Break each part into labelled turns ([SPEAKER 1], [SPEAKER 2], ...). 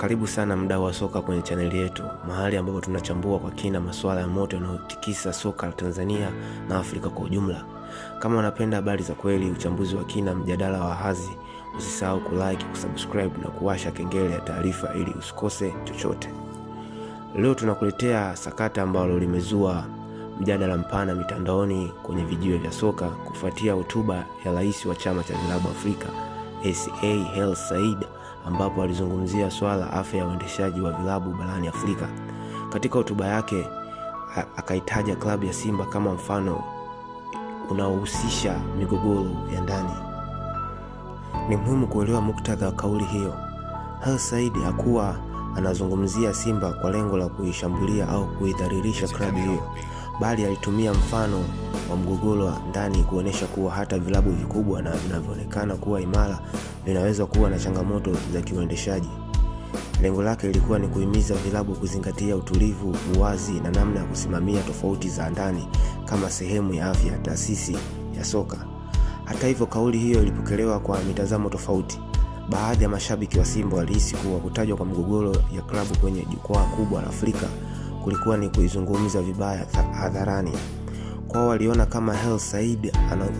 [SPEAKER 1] Karibu sana mdau wa soka kwenye chaneli yetu, mahali ambapo tunachambua kwa kina masuala ya moto yanayotikisa soka la Tanzania na Afrika kwa ujumla. Kama unapenda habari za kweli, uchambuzi wa kina, mjadala wa hazi, usisahau kulike, kusubscribe na kuwasha kengele ya taarifa ili usikose chochote. Leo tunakuletea sakata ambalo limezua mjadala mpana mitandaoni kwenye vijiwe vya soka kufuatia hotuba ya rais wa chama cha vilabu Afrika, sa Hersi Said ambapo alizungumzia swala la afya ya uendeshaji wa vilabu barani Afrika. Katika hotuba yake akaitaja klabu ya Simba kama mfano unaohusisha migogoro ya ndani. Ni muhimu kuelewa muktadha wa kauli hiyo. hal Said hakuwa anazungumzia Simba kwa lengo la kuishambulia au kuidhalilisha klabu hiyo, bali alitumia mfano wa mgogoro wa ndani kuonyesha kuwa hata vilabu vikubwa na vinavyoonekana kuwa imara vinaweza kuwa na changamoto za kiuendeshaji. Lengo lake ilikuwa ni kuhimiza vilabu kuzingatia utulivu, uwazi na namna ya kusimamia tofauti za ndani kama sehemu ya afya taasisi ya soka. Hata hivyo, kauli hiyo ilipokelewa kwa mitazamo tofauti. Baadhi ya mashabiki wa Simba walihisi kuwa kutajwa kwa mgogoro ya klabu kwenye jukwaa kubwa la Afrika kulikuwa ni kuizungumza vibaya hadharani kwao waliona kama hel Said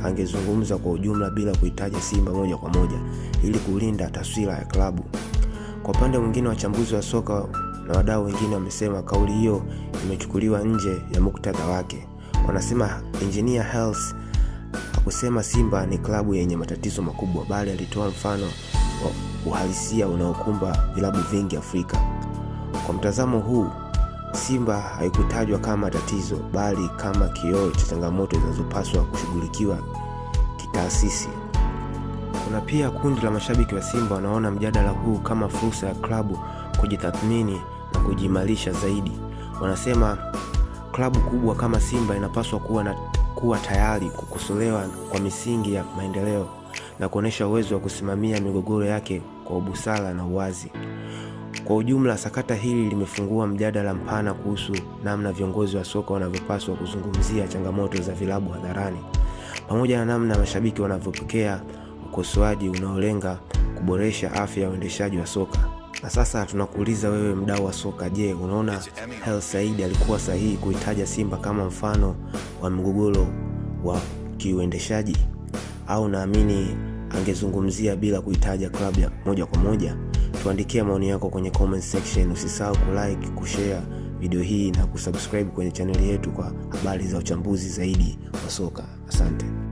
[SPEAKER 1] angezungumza kwa ujumla bila kuitaja Simba moja kwa moja ili kulinda taswira ya klabu. Kwa upande mwingine, wachambuzi wa soka na wadau wengine wamesema kauli hiyo imechukuliwa nje ya muktadha wake. Wanasema Engineer health hakusema Simba ni klabu yenye matatizo makubwa, bali alitoa mfano wa uhalisia unaokumba vilabu vingi Afrika. Kwa mtazamo huu Simba haikutajwa kama tatizo bali kama kioo cha changamoto zinazopaswa kushughulikiwa kitaasisi. Kuna pia kundi la mashabiki wa Simba wanaona mjadala huu kama fursa ya klabu kujitathmini na kujiimarisha zaidi. Wanasema klabu kubwa kama Simba inapaswa kuwa, na, kuwa tayari kukosolewa kwa misingi ya maendeleo na kuonyesha uwezo wa kusimamia migogoro yake kwa ubusara na uwazi. Kwa ujumla, sakata hili limefungua mjadala mpana kuhusu namna viongozi wa soka wanavyopaswa kuzungumzia changamoto za vilabu hadharani pamoja na namna mashabiki wanavyopokea ukosoaji unaolenga kuboresha afya ya uendeshaji wa soka. Na sasa tunakuuliza wewe, mdau wa soka, je, unaona Hel Said alikuwa sahihi kuitaja Simba kama mfano wa mgogoro wa kiuendeshaji, au naamini angezungumzia bila kuitaja klabu moja kwa moja? Tuandikia maoni yako kwenye comment section. Usisahau kulike, kushare video hii na kusubscribe kwenye chaneli yetu kwa habari za uchambuzi zaidi wa soka. Asante.